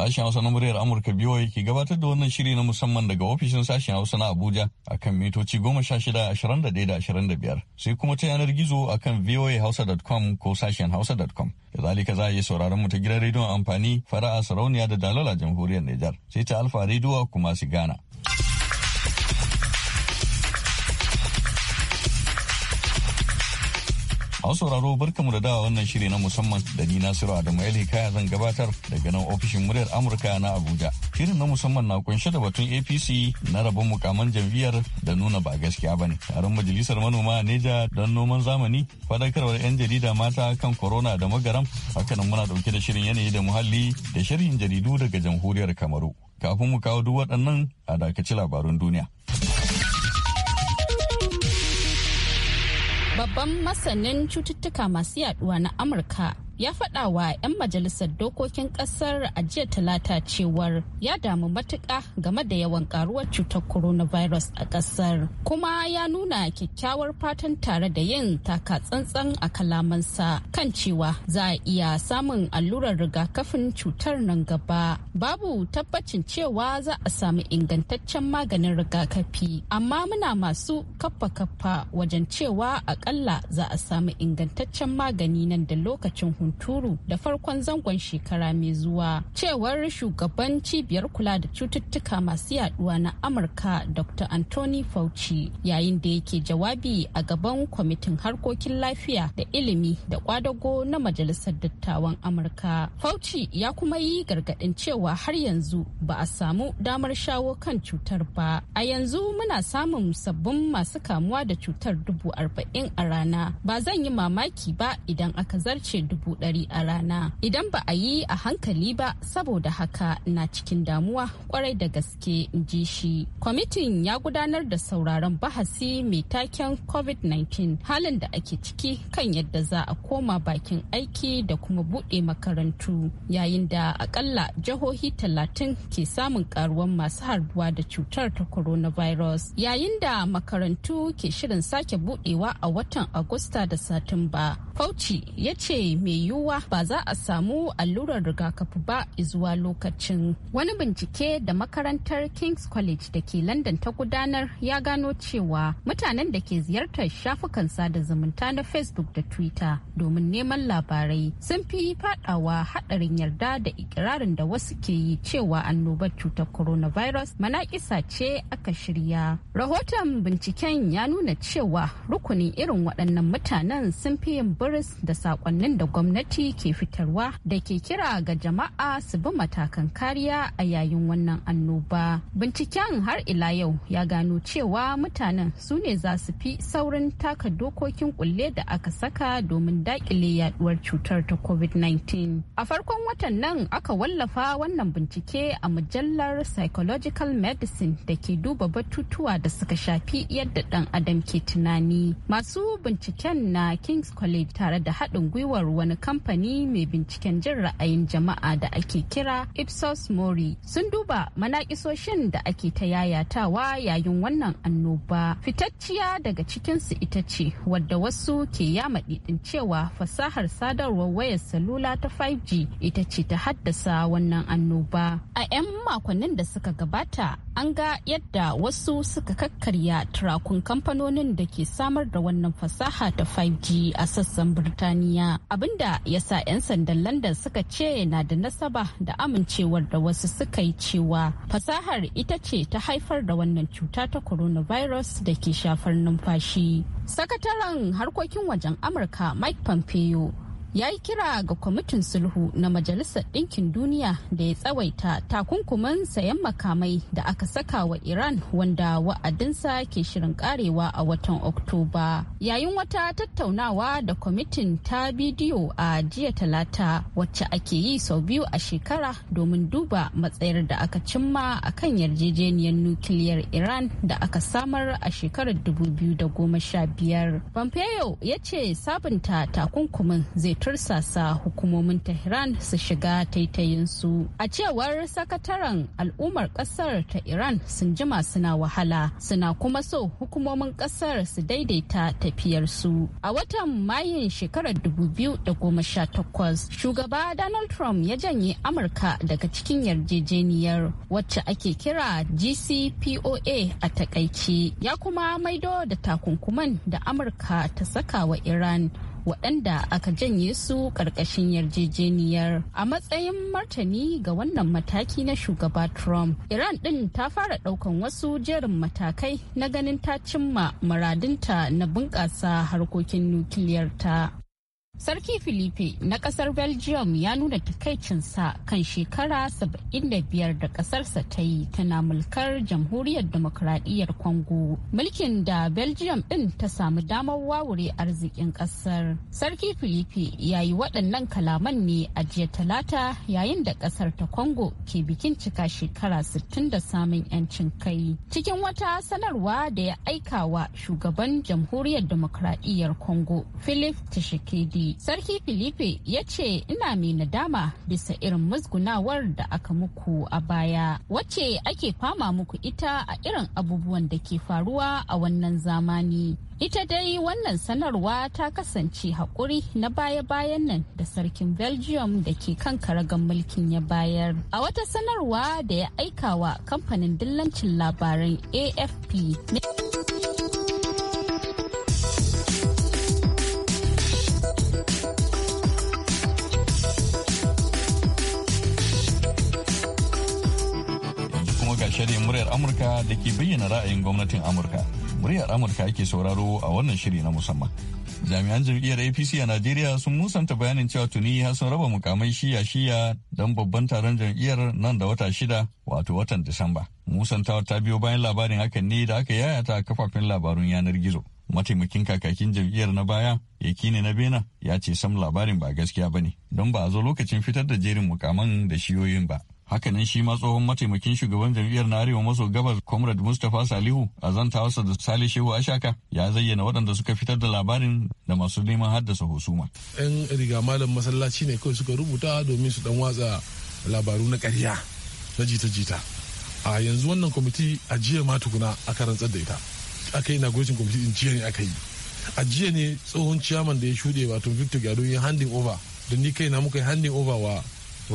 Sashen Hausa na muryar Amurka BOA ke gabatar da wannan shiri na musamman daga ofishin sashen Hausa na Abuja kan mitoci goma sha shida ashirin da da ashirin da biyar sai kuma ta yanar gizo a akan voahausa.com ko sashen hausa.com. zalika za a yi sauraron mu ta gidan rediyon amfani fara'a sarauniya da dalala jamhuriyar Nijar sai ta alfa rediyo kuma su gana. An sauraro barkamu da dawa wannan shiri na musamman da ni Nasiru Adamu Yali kaya zan gabatar daga nan ofishin muryar Amurka na Abuja. Shirin na musamman na kunshe da batun APC na rabon mukaman jam'iyyar da nuna ba gaskiya bane. Taron majalisar manoma a Neja don noman zamani, fadakarwar 'yan jarida mata kan corona da magaram, hakanan muna dauke da shirin yanayi da muhalli da shirin jaridu daga jamhuriyar Kamaru. Kafin mu kawo duk waɗannan a dakaci labarun duniya. babban masanin cututtuka masu yaduwa na amurka ya faɗa wa 'yan majalisar dokokin ƙasar a jiya talata cewar ya damu matuƙa game da yawan karuwar cutar coronavirus a ƙasar kuma ya nuna kyakkyawar fatan tare da yin taka tsantsan a kalamansa kan cewa za a iya samun allurar rigakafin cutar nan gaba babu tabbacin cewa za a samu ingantaccen maganin rigakafi amma muna masu kaffa-kaffa wajen cewa akalla za a samu ingantaccen magani nan da lokacin hunturu da farkon zangon shekara mai zuwa cewar shugaban cibiyar kula da cututtuka masu yaduwa na amurka dr anthony fauci yayin da yake jawabi a gaban kwamitin harkokin lafiya da ilimi da kwadago na majalisar dattawan amurka fauci ya kuma yi gargadin cewa har yanzu ba a samu damar shawo kan cutar ba a yanzu muna samun sabbin masu kamuwa da cutar dubu arba'in a rana ba zan yi mamaki ba idan aka zarce dubu dubu ɗari a rana idan ba a yi a hankali ba saboda haka na cikin damuwa kwarai da gaske in ji shi kwamitin ya gudanar da sauraron bahasi mai taken covid-19 halin da ake ciki kan yadda za a koma bakin aiki da kuma buɗe makarantu yayin da akalla jihohi talatin ke samun karuwan masu harbuwa da cutar ta coronavirus yayin da makarantu ke shirin sake buɗewa a watan agusta da satumba fauci ya ce mai yiwuwa ba za a samu allurar rigakafi ba zuwa lokacin. Wani bincike da makarantar King's College da ke London ta gudanar ya gano cewa mutanen da ke ziyartar shafukan sada zumunta na Facebook da Twitter domin neman labarai sun fi fadawa hadarin yarda da ikirarin da wasu ke yi cewa annobar cutar coronavirus manakisa ce aka shirya. Rahoton binciken ya nuna cewa rukunin irin waɗannan mutanen sun fi yin buris da saƙonnin da gwamnati gwamnati ke fitarwa da ke kira ga jama'a su bi matakan kariya a yayin wannan annoba. Binciken har ila yau ya gano cewa mutanen su ne za su fi saurin taka dokokin kulle da aka saka domin dakile yaduwar cutar ta COVID-19. A farkon watan nan aka wallafa wannan bincike a mujallar Psychological Medicine da ke duba batutuwa da suka shafi yadda ɗan adam ke tunani. Masu binciken na King's College tare da haɗin gwiwar wani kamfani mai binciken jin ra'ayin jama'a da ake kira Ipsos Mori sun duba manakisoshin da ake ta yayatawa yayin wannan annoba. Fitacciya daga cikinsu ita ce wadda wasu ke yama maɗiɗin cewa fasahar sadarwar wayar salula ta 5G ita ce ta haddasa wannan annoba. A 'yan makonnin da suka gabata an ga yadda wasu suka kakkarya turakun kamfanonin da ke samar da wannan fasaha ta 5G a sassan Birtaniya. Abinda da ya sa 'yan sandan london suka ce na da nasaba da amincewar da wasu suka yi cewa fasahar ita ce ta haifar da wannan cuta ta coronavirus da ke shafar numfashi sakataren harkokin wajen amurka mike pompeo ya yi kira ga kwamitin sulhu na majalisar ɗinkin duniya da ya tsawaita takunkumin sayan makamai da aka saka wa iran wanda wa'adinsa ke shirin karewa a watan oktoba yayin wata tattaunawa da kwamitin ta bidiyo a jiya talata wacce ake yi sau biyu a shekara domin duba matsayar da aka cimma a kan yarjejeniyar nukiliyar iran da aka samar a shekarar 2015 ya ce sabunta takunkumin zai tursasa hukumomin Tehran su shiga taitayin su A cewar sakataren al'ummar ƙasar ta Iran sun jima suna wahala suna kuma so hukumomin ƙasar su daidaita tafiyar su A watan Mayun shekarar 2018 shugaba Donald Trump ya janye Amurka daga cikin yarjejeniyar wacce ake kira GCPOA a takaice ya kuma maido da takunkuman da Amurka ta saka wa Iran. waɗanda aka janye su ƙarƙashin yarjejeniyar a matsayin martani ga wannan mataki na shugaba trump iran ɗin ta fara ɗaukan wasu jerin matakai na ganin ta cimma muradinta na bunƙasa harkokin nukiliyarta Sarki Filipe na kasar Belgium ya nuna takaicinsa kan shekara 75 da kasarsa ta yi tana mulkar jamhuriyar demokradiyyar Congo. Mulkin da Belgium ɗin ta samu damar wawure arzikin kasar. Sarki Filipe ya yi waɗannan kalaman ne a jiya talata yayin da kasar ta Congo ke bikin cika shekara 60 da samun 'yancin kai. Cikin wata sanarwa da ya aika wa shugaban jamhuriyar demokradiyyar Congo Philip Tshisekedi sarki filipe ya ce ina mai nadama bisa irin musgunawar da aka muku a baya wacce ake fama muku ita a irin abubuwan da ke faruwa a wannan zamani ita dai wannan sanarwa ta kasance haƙuri na baya-bayan nan da sarkin belgium da ke kan karagan mulkin ya bayar a wata sanarwa da ya aikawa kamfanin dillancin labaran afp Amurka da ke bayyana ra'ayin gwamnatin Amurka. Muryar Amurka ake sauraro a wannan shiri na musamman. Jami'an jam'iyyar APC a Najeriya sun musanta bayanin cewa tuni ya sun raba mukamai shiya-shiya don babban taron jam'iyyar nan da wata shida wato watan Disamba. Musantawa ta biyo bayan labarin hakan ne da aka yayata a kafafen labarun yanar gizo. mataimakin kakakin jam'iyyar na baya yakini na bena ya ce sam labarin ba gaskiya ba ne don ba a zo lokacin fitar da jerin mukaman da shiyoyin ba hakanan shi ma tsohon mataimakin shugaban jam'iyyar na arewa maso gabas comrade mustapha salihu a zantawarsa da sale shehu ashaka ya zayyana waɗanda suka fitar da labarin da masu neman haddasa husuma yan riga malam masallaci ne kawai suka rubuta domin su dan watsa labaru na karya na jita-jita a yanzu wannan kwamiti a jiya ma tukuna aka rantsar da ita aka yi na gwajin kwamiti din jiya ne aka yi a jiya ne tsohon ciyaman da ya shuɗe wato victor gado ya handing over da ni kai na muka yi handing over wa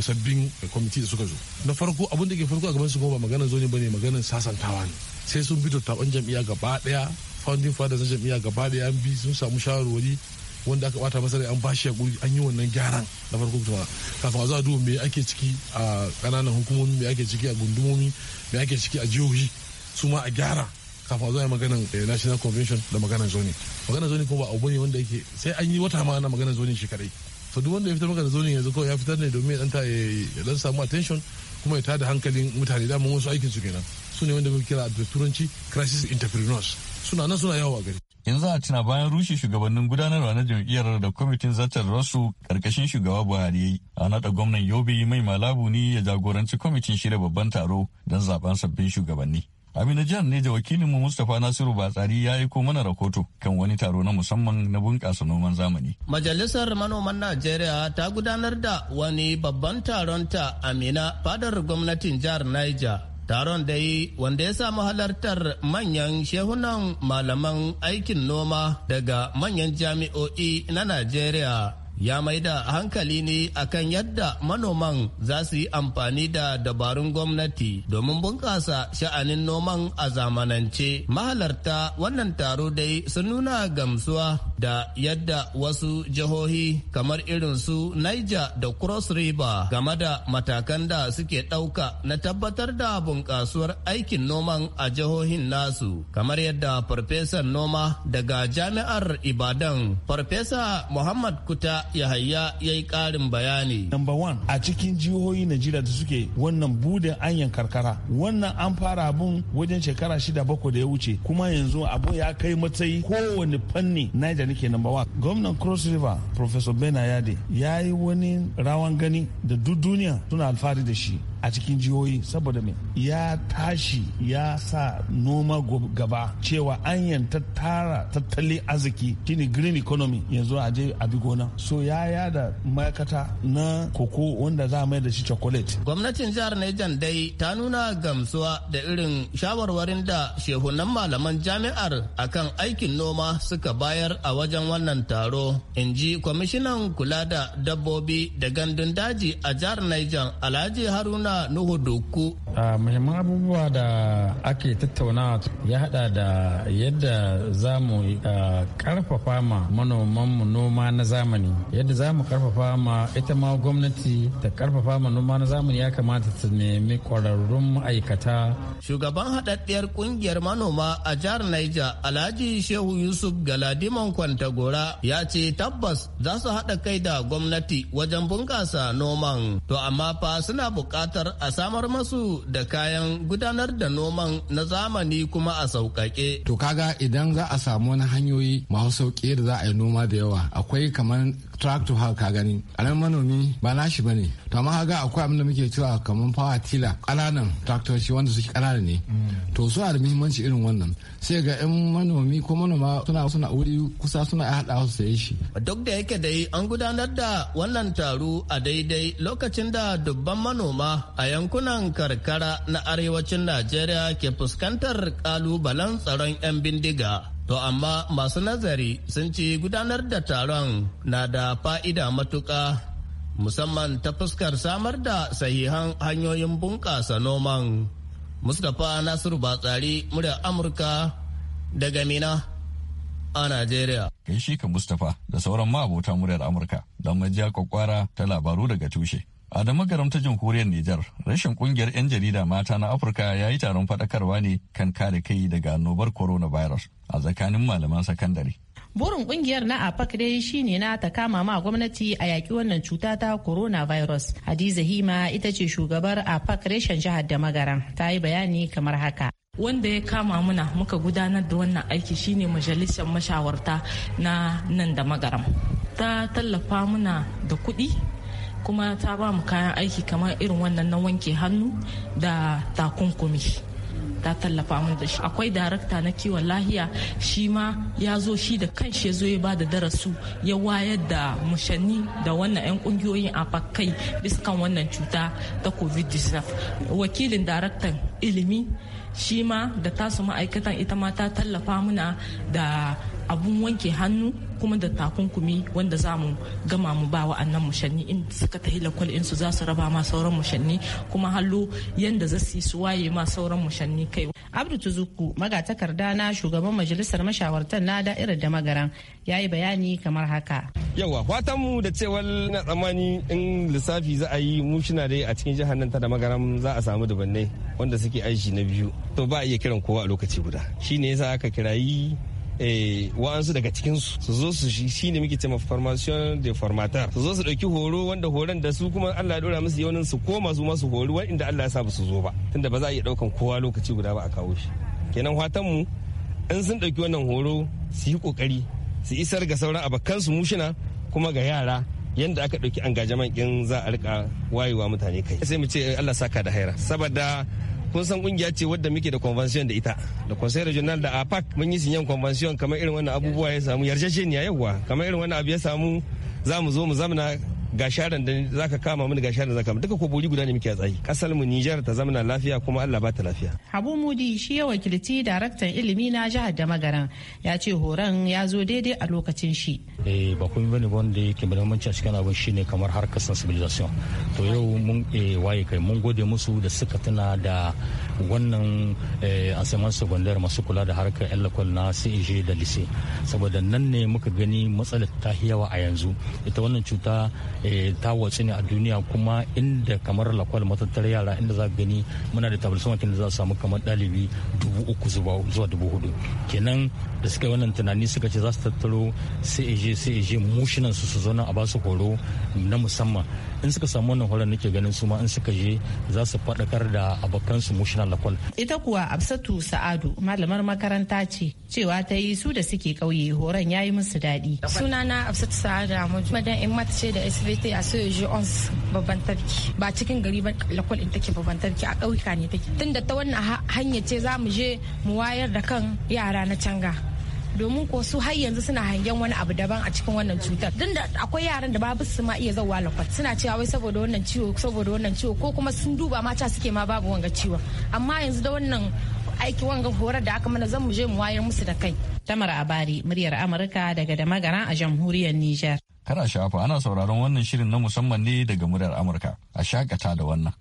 sabbin kwamiti da suka zo na farko abin da ke farko a gaban su kuma ba maganar zo ne bane maganar sasantawa ne sai sun bi tattaban jam'iyya gaba daya founding fathers na jam'iyya gaba daya an bi sun samu shawarwari wanda aka bata masa an bashi guri an yi wannan gyaran na farko kuma kafin a zuwa duba me ake ciki a kananan hukumomi me ake ciki a gundumomi me ake ciki a jihohi su ma a gyara kafin a zuwa maganan eh, national convention da maganan zoni maganan zoni kuma ba abu ne wanda yake sai an yi wata ma na maganan zoni shi kadai so duk wanda ya fitar maka da zonin yanzu kawai ya fitar ne domin ya dan samu attention kuma ya tada hankalin mutane daman wasu aikin su kenan su ne wanda muke kira a turanci crisis entrepreneurs suna nan suna yawo a gari yanzu a tuna bayan rushe shugabannin gudanarwa na jam'iyyar da kwamitin zartar rasu karkashin shugaba buhari ya yi a naɗa gwamnan yobe mai malabu ne ya jagoranci kwamitin shirya babban taro don zaben sabbin shugabanni Amina jihar ne da wakilinmu Mustapha Nasiru Batsari ya aiko mana rahoto kan wani taro na musamman na bunƙasa noman zamani. Majalisar Manoman Najeriya ta gudanar da wani babban taron ta Amina fadar gwamnatin jihar Niger. Taron dai wanda ya samu halartar manyan shehunan malaman aikin noma daga manyan jami'o'i na Najeriya. ya mai hankali ne akan yadda manoman za su yi amfani da dabarun gwamnati domin bunƙasa sha'anin noman a zamanance mahalarta wannan taro dai su nuna gamsuwa da yadda wasu jihohi kamar irin su niger da cross river game da matakan da suke ɗauka na tabbatar da bunƙasuwar aikin noman a jihohin nasu kamar yadda farfesan noma daga jami'ar ibadan farfesa muhammad kuta Yahaya ya yi ƙarin bayani. Number one a cikin jihohi Najeriya da suke wannan budin anyan karkara wannan an fara abun wajen shekara shida bakwai da ya wuce kuma yanzu abu ya kai matsayi kowane fanni Niger nake number one. Gwamnan Cross River Professor Benayade ya yi wani rawan gani da duk duniya suna alfahari da shi. a cikin jihohi saboda mai ya tashi ya sa noma gaba cewa an yanta tara tattalin arziki shine green economy yanzu a je a bi gona so ya yada ma'aikata na koko wanda za a mai da shi chocolate gwamnatin jihar Niger dai ta nuna gamsuwa da irin shawarwarin da shehunan malaman jami'ar akan aikin noma suka bayar a wajen wannan taro in ji kwamishinan kula da dabbobi da gandun daji a jihar Niger Alhaji Haruna Nuhu Doku. Muhimman abubuwa da ake tattauna ya hada da yadda za mu karfafa ma manomanmu noma na zamani. Yadda za mu karfafa ma ita ma gwamnati ta karfafa ma noma na zamani ya kamata ta nemi kwararrun ma'aikata. Shugaban haɗaɗɗiyar ƙungiyar manoma a jihar Niger Alhaji Shehu Yusuf Galadiman Kwantagora ya ce tabbas za su haɗa kai da gwamnati wajen bunkasa noman. To amma fa suna buƙatar buƙatar a samar masu da kayan gudanar da noman na zamani kuma a sauƙaƙe. To kaga idan za a samu wani hanyoyi masu sauƙi da za a yi noma da yawa akwai kamar tractor haka ka gani ƙaramin manomi ba nashi ba ne to amma haka akwai abin da muke cewa kamar power tiller kananan tractor shi wanda suke kanana ne to su da muhimmanci irin wannan sai ga yan manomi ko manoma suna suna wuri kusa suna haɗa su sai shi. duk da yake dai an gudanar da wannan taro a daidai lokacin da dubban manoma a yankunan karkara na arewacin najeriya ke fuskantar kalubalen tsaron 'yan bindiga To amma masu nazari sun ce gudanar da taron na da fa'ida matuƙa musamman ta fuskar samar da sahihan hanyoyin bunƙasa noman. Mustapha Nasiru Batsari murya Amurka daga Mina a Najeriya. shi ka Mustapha da sauran ma'abota muryar Amurka don majiya kwakwara ta labaru daga tushe. a da magaramta jamhuriyar Nijar, rashin kungiyar 'yan jarida mata na Afirka ya yi taron faɗakarwa ne kan kare kai daga annobar coronavirus a tsakanin malaman sakandare. Burin kungiyar na APAC dai shine na ta kama ma gwamnati a yaki wannan cuta ta coronavirus. Hadiza Hima ita ce shugabar APAC reshen jihar da magaran ta yi bayani kamar haka. wanda ya kama muna muka gudanar da wannan aiki shine majalisar mashawarta na nan da magaram ta tallafa muna da kuɗi kuma ta ba mu kayan aiki kamar irin wannan na wanke hannu da takunkumi ta tallafa mun da shi akwai darakta na kiwon lahiya shi ma ya zo shi da kanshi ya zo ya bada darasu ya wayar da mushanni da wannan 'yan kungiyoyin a fakai biskan wannan cuta ta covid-19 wakilin daraktan ilimi shi ma da tasu ma'aikatan ita ma ta tallafa muna da abun wanke hannu kuma da takunkumi wanda za mu gama mu ba wa'annan mushanni in suka tahi lakwal in su za su raba ma sauran mushanni kuma hallo yanda za su yi su waye ma sauran mushanni kai. Abdu Tuzuku magatakarda na shugaban majalisar mashawartan na da'irar da magaran ya yi bayani kamar haka. Yawa fatan mu da cewar na tsamani in lissafi za a yi mu na dai a cikin jihar nan ta da magaran za a samu dubannai wanda suke aiki na biyu to ba a iya kiran kowa a lokaci guda shine yasa aka kirayi Eh, wa'ansu daga cikinsu su zo su shi ne muke cewa formation de formateur su zo su ɗauki horo wanda horon da su kuma Allah ya ɗora musu yaunin su koma su masu hori inda Allah ya sa su zo ba tunda ba za a iya ɗaukan kowa lokaci guda ba a kawo shi kenan fatan mu in sun ɗauki wannan horo su yi ƙoƙari su isar ga sauran abokansu mushina kuma ga yara yadda aka ɗauki an gajaman in za a rika wayewa mutane kai sai mu ce Allah saka da haira saboda kun san kungiya ce wadda muke da convention da ita da conseil regional da apac mun yi sinyan convention kamar irin wannan abubuwa ya samu yarjejeniya yawa kamar irin wannan abu ya samu za mu zo mu zamna ga sharan da zaka kama mini ga sharan da zaka kama duka ko buri guda ne muke a tsayi kasar mu Nijar ta zamana lafiya kuma Allah ba ta lafiya Habu Mudi shi ya wakilci daraktan ilimi na jihar da magaran ya ce horon ya zo daidai a lokacin shi eh ba kuma bane wanda yake muhimmanci a cikin abin shine kamar harkar sensibilisation to yau mun eh, waye kai mun gode musu da suka tuna da wannan asaman eh, secondaire masu kula da harkar yan na cg da lise saboda nan ne muka gani matsalar ta yawa a yanzu ita wannan cuta Eh, ta wace ne a duniya kuma inda kamar lakwal matattar yara inda za gani muna da tabalsama da za samu kamar dalibi dubu uku zuwa dubu hudu kenan da suka yi wannan tunani suka ce za su tattaro sai eje sai eje mushinan su su zauna a basu horo na musamman in suka samu wannan horon nake ganin su ma in suka je za su faɗakar da abokansu mushina lakwal. ita kuwa absatu sa'adu malamar makaranta ce cewa ta yi su da suke ƙauye horon ya yi musu daɗi. na absatu sa'adu amadu madan in mata ce da svt a soya ons babban tarki ba cikin gari ba lakwal in take babban tarki a ƙauyuka ne take tunda ta wannan hanya ce zamu mu je mu wayar da kan yara na canga domin ko su har yanzu suna hangen wani abu daban a cikin wannan cutar din da akwai yaran da babu su ma iya zauwa lakwat suna cewa wai saboda wannan ciwo saboda wannan ciwo ko kuma sun duba mata suke ma babu wanga ciwon amma yanzu da wannan aiki wanga horar da aka mana zan mu je mu wayar musu da kai tamar abari muryar amurka daga da magana a jamhuriyar niger kana shafa ana sauraron wannan shirin na musamman ne daga muryar amurka a shakata da wannan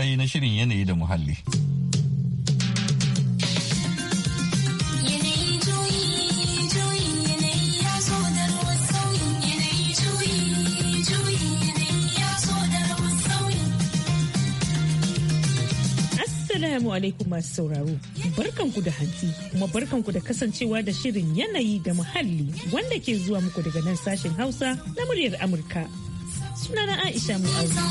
yayi na shirin yanayi da muhalli. Assalamu alaikum masu sauraro. Barkanku da hanti kuma barkanku da kasancewa da shirin yanayi da muhalli wanda ke zuwa muku daga nan sashen Hausa na muryar Amurka. Sunana Aisha Mu'azu.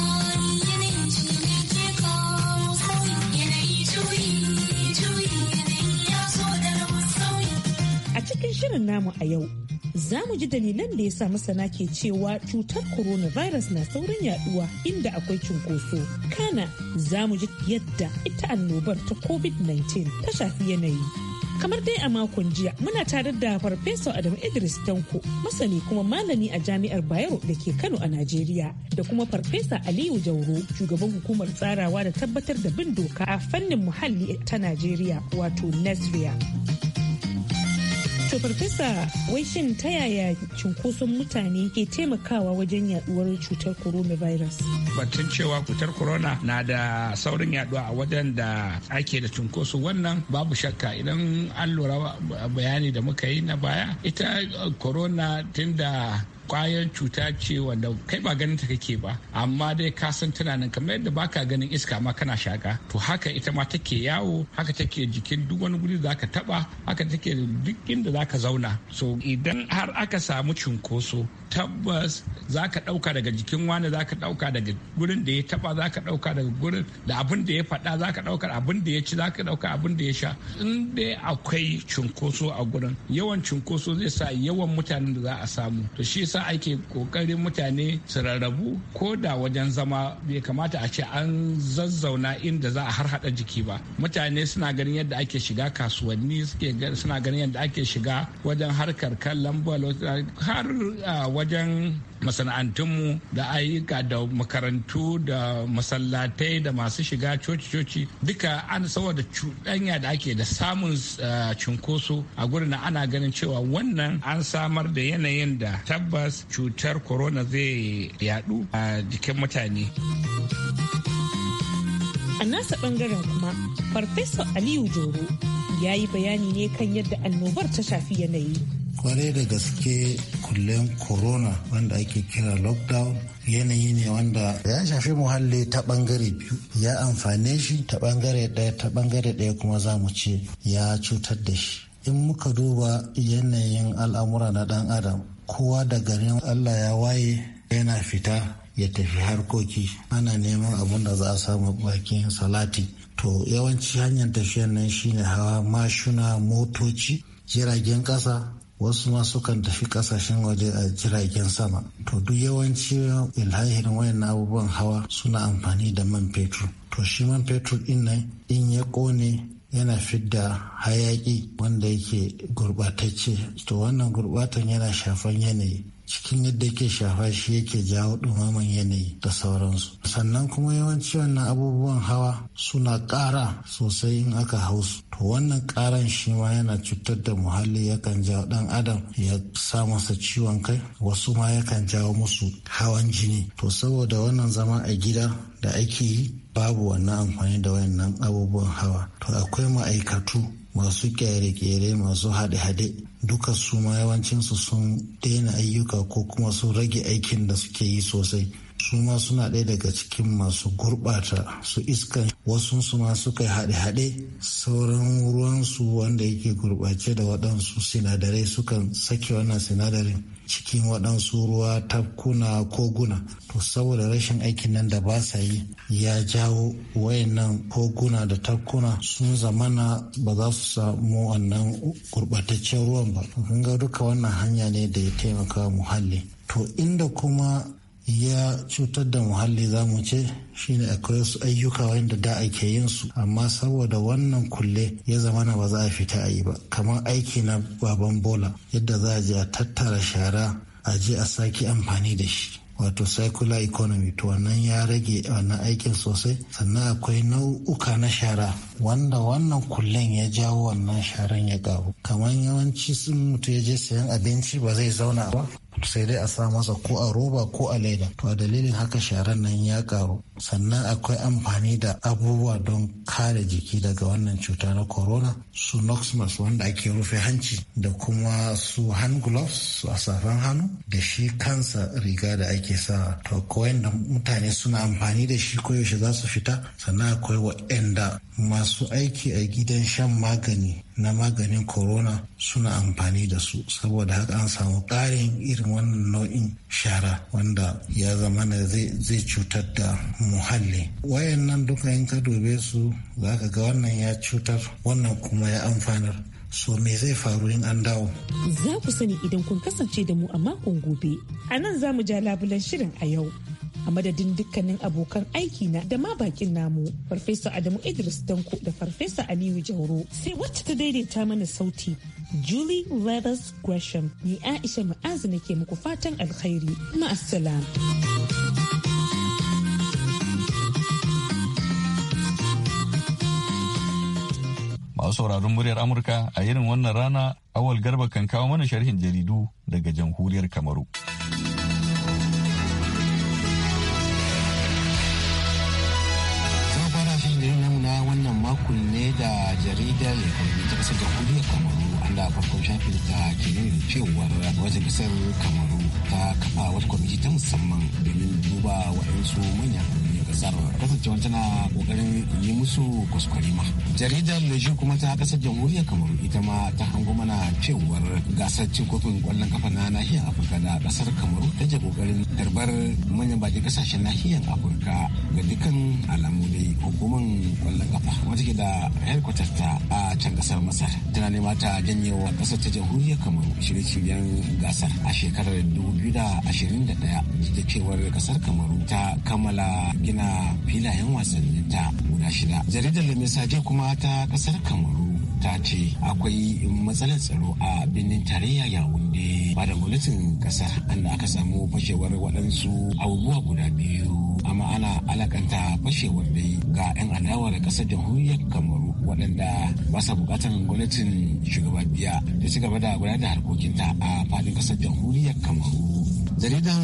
cikin shirin namu a yau za mu ji dalilan da ya sa masana ke cewa cutar coronavirus na saurin yaduwa inda akwai cunkoso kana za mu ji yadda ita annobar ta covid-19 ta shafi yanayi kamar dai a makon jiya muna tare da farfesa adam idris tanko masani kuma malami a jami'ar bayero da ke kano a najeriya da kuma farfesa aliyu jauro shugaban hukumar tsarawa da tabbatar da bin doka a fannin muhalli ta najeriya wato nasriya To farfesa wai shin ta yaya cunkoson mutane ke taimakawa wajen yaduwar cutar coronavirus? Batun cewa cutar corona na da saurin yaduwa a wajen da ake da cunkoso wannan babu shakka idan an lura bayani da muka yi na baya ita corona tunda kwayar cuta ce wanda kai ba ganin ta kake ba amma dai ka san nan kamar yadda baka ganin iska ma kana shaka to haka ita ma take yawo haka take jikin duk wani guri da zaka taba haka take duk inda zaka zauna so idan har aka samu cunkoso tabbas za ka ɗauka daga jikin wani za ka ɗauka daga gurin da ya taba za ka ɗauka daga gurin da abin da ya faɗa za ka ɗauka abin da ya ci za ka ɗauka abin da ya sha in dai akwai cunkoso a gurin yawan cunkoso zai sa yawan mutanen da za a samu to shi sa ake kokarin mutane su rarrabu ko da wajen zama bai kamata a ce an zazzauna inda za a har harhaɗa jiki ba mutane suna ganin yadda ake shiga kasuwanni suna ganin yadda ake shiga wajen harkar kallon balo har ah, wajen masana'antunmu da ayyuka da makarantu da masallatai da masu shiga coci-coci duka an saboda cuɗanya da ake da samun eh, cunkoso a gurin ana ganin cewa wannan an samar da yanayin da tabbas cutar corona zai yadu a jikin mutane. A nasa bangaren kuma, Farfesa Aliyu Joro ya yi bayani ne kan yadda annobar ta shafi yanayi. kwarai da gaske kullen corona wanda ake kira lockdown yanayi ne wanda ya shafi muhalli ta bangare biyu ya amfane shi ta bangare daya ta bangare daya kuma za mu ce ya cutar da shi in muka duba yanayin al'amura na dan adam kowa da garin allah ya waye yana fita ya tafi harkoki ana neman abun da za a samu bakin salati to yawanci hanyar tafiyan nan shine hawa mashina motoci jiragen kasa wasu ma sukan tafi kasashen waje a jiragen sama to duk yawanci ilhahirin wayan abubuwan hawa suna amfani da man fetur to shi man fetur din nan in ya kone yana fidda hayaki wanda yake gurbatacce to wannan gurbatan yana shafan yanayi cikin yadda yake shafa shi yake jawo ɗumaman yanayi da sauransu sannan kuma yawanci wannan abubuwan hawa suna ƙara sosai in aka hau su to wannan ƙaran shi ma yana cutar da muhalli yakan jawo ɗan adam ya sa masa ciwon kai wasu ma yakan jawo musu hawan jini to saboda wannan zama a gida da ake yi babu wannan amfani da wayannan abubuwan hawa to akwai ma'aikatu masu kere-kere masu haɗe-haɗe duka su ma yawancinsu sun daina ayyuka ko kuma sun rage aikin da suke yi sosai su ma suna ɗaya daga cikin masu gurɓata su iskan wasu su ma suka haɗe-haɗe sauran ruwansu wanda yake gurɓace da waɗansu sinadarai sukan sake wannan sinadarin cikin waɗansu ruwa tafkuna koguna to saboda rashin aikin nan da ba sa yi ya jawo wayannan koguna da tafkuna sun zamana ba za su samu wannan gurɓataccen ruwan ba kun ga duka wannan hanya ne da ya taimaka muhalli to inda kuma ya cutar da muhalli za mu ce shine akwai wasu ayyuka wanda da ake yin su amma saboda wannan kulle ya zama na ba za a fita a yi ba kamar aiki na baban bola yadda za a je a tattara shara a je a sake amfani da shi wato circular economy to wannan ya rage wannan aikin sosai sannan akwai nau'uka na shara wanda wannan kullen ya jawo wannan sharan ya karu kamar yawanci sun mutu ya je sayan abinci ba zai zauna ba sai dai a sa masa ko a roba ko a leda to a dalilin haka sharan nan ya karu sannan akwai amfani da abubuwa don kare jiki daga wannan cuta na corona su noxmas wanda ake rufe hanci da kuma su hand gloves su a safan hannu da shi kansa riga da ake sa to da mutane suna amfani da shi koyaushe za su fita sannan akwai waɗanda masu aiki a gidan shan magani na maganin corona suna amfani da su saboda haka an samu ƙarin irin wannan nau'in shara wanda ya zama na zai cutar da muhalli wayannan duka in ka dube su za ka ga wannan ya cutar wannan kuma ya amfanar so me zai faru in an dawo. Za ku sani idan kun kasance da mu a makon gobe. A nan za mu ja labulan shirin a yau. A madadin dukkanin abokan aiki na da ma bakin namu, Farfesa Adamu Idris Danko da Farfesa Aliyu Jauro sai wacce ta daidaita mana sauti. Julie Leathers Gresham ni Aisha Ma'azu nake muku fatan alkhairi. Ma'assalam. Masu sauraron muryar Amurka a irin wannan rana awal garba kan kawo mana sharhin jaridu daga jamhuriyar Kamaru. na wannan makon ne da jaridar ta kasar jamhuriyar kamaru an da farkon shafin ta ke cewa wajen kasar kamaru ta kafa wata kwamiti ta musamman domin duba waɗansu manyan kasar kasancewar tana kokarin yi musu ma jaridar leju kuma ta kasar jamhuriyar kamaru ita ma ta hango mana cewar gasar cin kofin kwallon kafa na nahiyar afirka da kasar kamaru ta je kokarin tarbar manyan bakin kasashen nahiyar afirka ga dukkan alamu dai hukumar kwallon kafa wata ke da headquarters ta a can kasar masar tana nema ta janye wa kasar ta jamhuriyar kamaru shirye-shiryen gasar a shekarar 2021 da cewar kasar kamaru ta kammala gina na filayen wasannin ta guda shida jaridar lamisaje kuma ta kasar kamaru ta ce akwai matsalar tsaro a birnin tarayya yawunde ba da gwamnatin kasar an aka samu fashewar waɗansu abubuwa guda biyu amma ana alakanta fashewar dai ga 'yan adawar ƙasar jamhuriyar kamaru waɗanda ba sa buƙatar gwamnatin shugaba biya da cigaba da gudanar da harkokinta a faɗin ƙasar jamhuriyar kamaru jaridan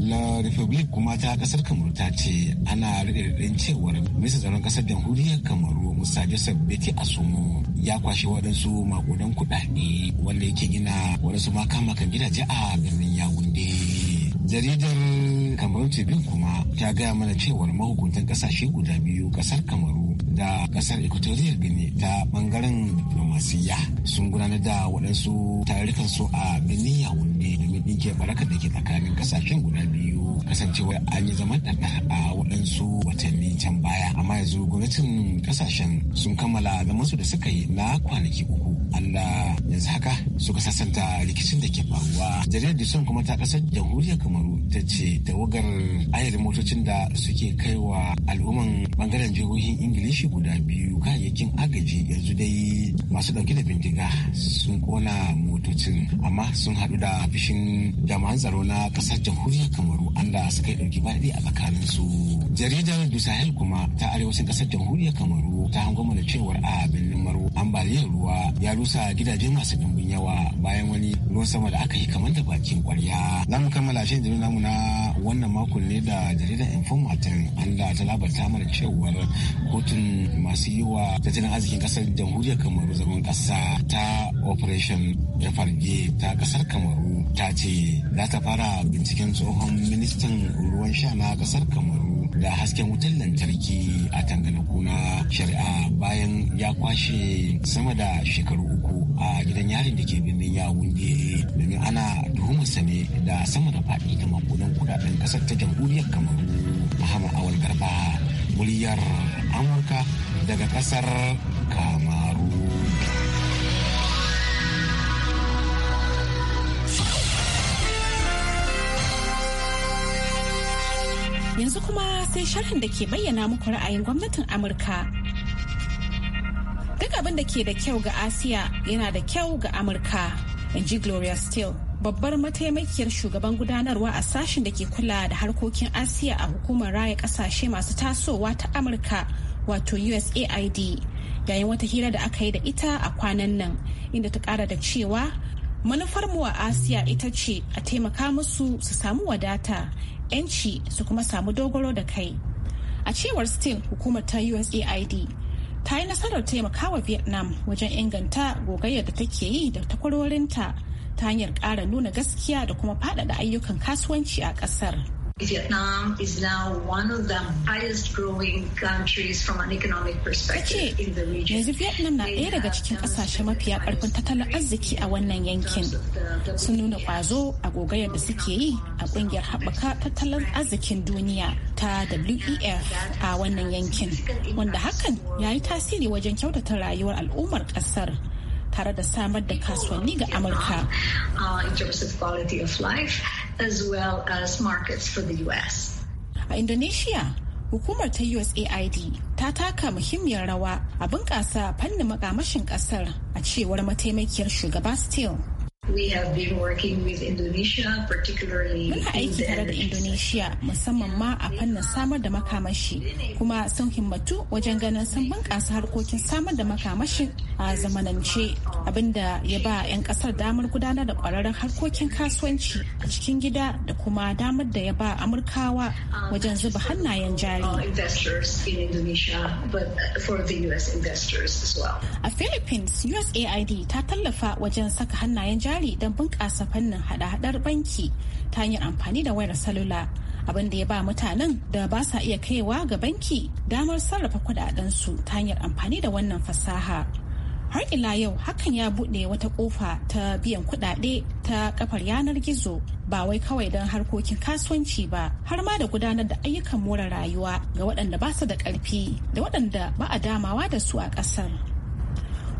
La Republic kuma ta kasar Kamaru ta ce ana rikirin cewar minista tsaron kasar jamhuriyar Kamaru Musa Joseph Beti Asumo ya kwashe waɗansu makudan kuɗaɗe wanda yake gina waɗansu makamakan gidaje a birnin Yaounde. Jaridar kamaru tribune kuma ta gaya mana cewar mahukuntan kasashe guda biyu kasar kamaru da kasar equatorial guinea ta bangaren diplomasiya sun gudanar da waɗansu tarurrukan a birnin yawon ke baraka da ke tsakanin kasashen guda biyu kasancewa an yi zaman ɗanɗa a waɗansu watanni can baya amma yanzu gwamnatin kasashen sun kammala zaman su da suka yi na kwanaki uku Allah yanzu haka suka sasanta rikicin da ke faruwa jaridar dison kuma ta kasar jamhuriyar kamaru ta ce tawagar ayar motocin da suke kaiwa al'umman bangaren jihohin ingilishi guda biyu kayayyakin agaji yanzu dai masu dauke da bindiga sun kona motocin amma sun haɗu da fishin jama'an tsaro na kasar jamhuriyar kamaru anda suka yi dauki baɗi a tsakanin su jaridar dusahel kuma ta arewacin kasar jamhuriyar kamaru ta hango mana cewar a birnin maro ambaliyar ruwa ya rusa gidaje masu ɗimbin yawa bayan wani ruwan sama da aka yi kamar da bakin kwarya za mu kammala shi da namu na wannan makon ne da jaridar informatin da ta labarta mana cewar kotun masu yi wa tattalin arzikin kasar jamhuriyar kamaru zaman kasa ta operation dafarge ta kasar kamaru ta ce za ta fara binciken tsohon ministan ruwan sha na kasar kamaru da hasken wutar lantarki a tanganaku na shari'a bayan ya kwashe sama da shekaru uku a gidan yarin da ke birnin ya yawun domin ana tuhumarsa ne da sama da faɗi da makudan kudaden kasar ta jamhuriyar kamaru muhammad awal garba muryar amurka daga kasar kamaru yanzu kuma sai sharhin da ke bayyana muku ra'ayin gwamnatin amurka duk abin da ke da kyau ga asiya yana da kyau ga amurka in ji gloria steele babbar mataimakiyar shugaban gudanarwa a sashen da ke kula da harkokin asiya a hukumar raya kasashe masu tasowa ta amurka wato USAID yayin wata hira da aka yi da ita a kwanan nan inda ta kara da cewa manufar mu a Asiya ita ce a taimaka musu su samu wadata 'yanci su kuma samu dogaro da kai. A cewar Sting hukumar ta USAID ta yi nasarar taimakawa Vietnam wajen inganta gogayyar da take yi da takwarorinta ta hanyar ƙara nuna gaskiya da kuma faɗaɗa ayyukan kasuwanci a ƙasar. Vietnam is now one of the highest growing countries from an economic perspective in the region. Yanzu Vietnam na ɗaya daga cikin ƙasashe mafiya ƙarfin tattalin arziki a wannan yankin. Sun nuna ƙwazo a gogayar da suke yi a ƙungiyar haɓaka tattalin arzikin duniya ta WEF a wannan yankin, wanda hakan ya yi tasiri wajen kyautata rayuwar al'ummar ƙasar. tare da samar da kasuwanni ga Amurka. Uh, as well as markets for the US. A Indonesia, hukumar ta USAID ta taka muhimmiyar rawa a bunƙasa fannin makamashin ƙasar a cewar mataimakiyar shugaba Steele. We have been working with Indonesia, particularly Muna aiki tare da Indonesia musamman ma a fannin samar da makamashi kuma sun himmatu wajen ganin sun bunƙasa harkokin samar da makamashi a zamanance abinda ya ba 'yan ƙasar damar gudanar da ƙwararren harkokin kasuwanci a cikin gida da kuma damar da ya ba Amurkawa wajen zuba hannayen jari. A Philippines, USAID ta tallafa wajen saka hannayen jari jari don bunƙasa fannin hada-hadar banki ta hanyar amfani da wayar salula abinda ya ba mutanen da ba sa iya kaiwa ga banki damar sarrafa su ta hanyar amfani da wannan fasaha har ila yau hakan ya buɗe wata ƙofa ta biyan kuɗaɗe ta kafar yanar gizo ba wai kawai don harkokin kasuwanci ba har ma da gudanar da ayyukan more rayuwa ga waɗanda ba su da ƙarfi da waɗanda ba a damawa da su a ƙasar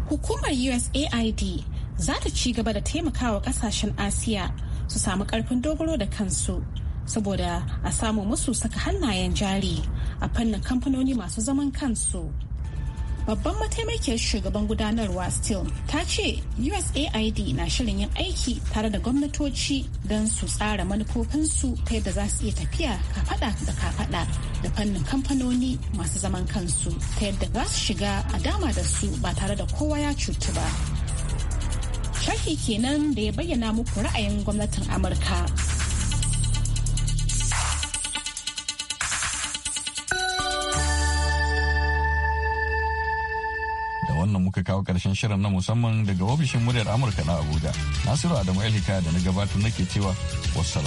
hukumar usaid za ta ci gaba da taimakawa kasashen asiya su samu karfin dogaro da kansu saboda a samu musu saka hannayen jari a fannin kamfanoni masu zaman kansu babban mataimakiyar shugaban gudanarwa still ta ce usaid na shirin yin aiki tare da gwamnatoci don su tsara manufofinsu ta yadda za su iya tafiya kafada da kafada da fannin kamfanoni masu zaman kansu ta yadda za su shiga a dama da su ba tare da kowa ya cutu ba sharhi kenan da ya bayyana muku ra'ayin gwamnatin amurka wannan muka kawo karshen shirin na musamman daga ofishin muryar amurka na abuja nasiru adamu elika da na gabatar nake cewa wasu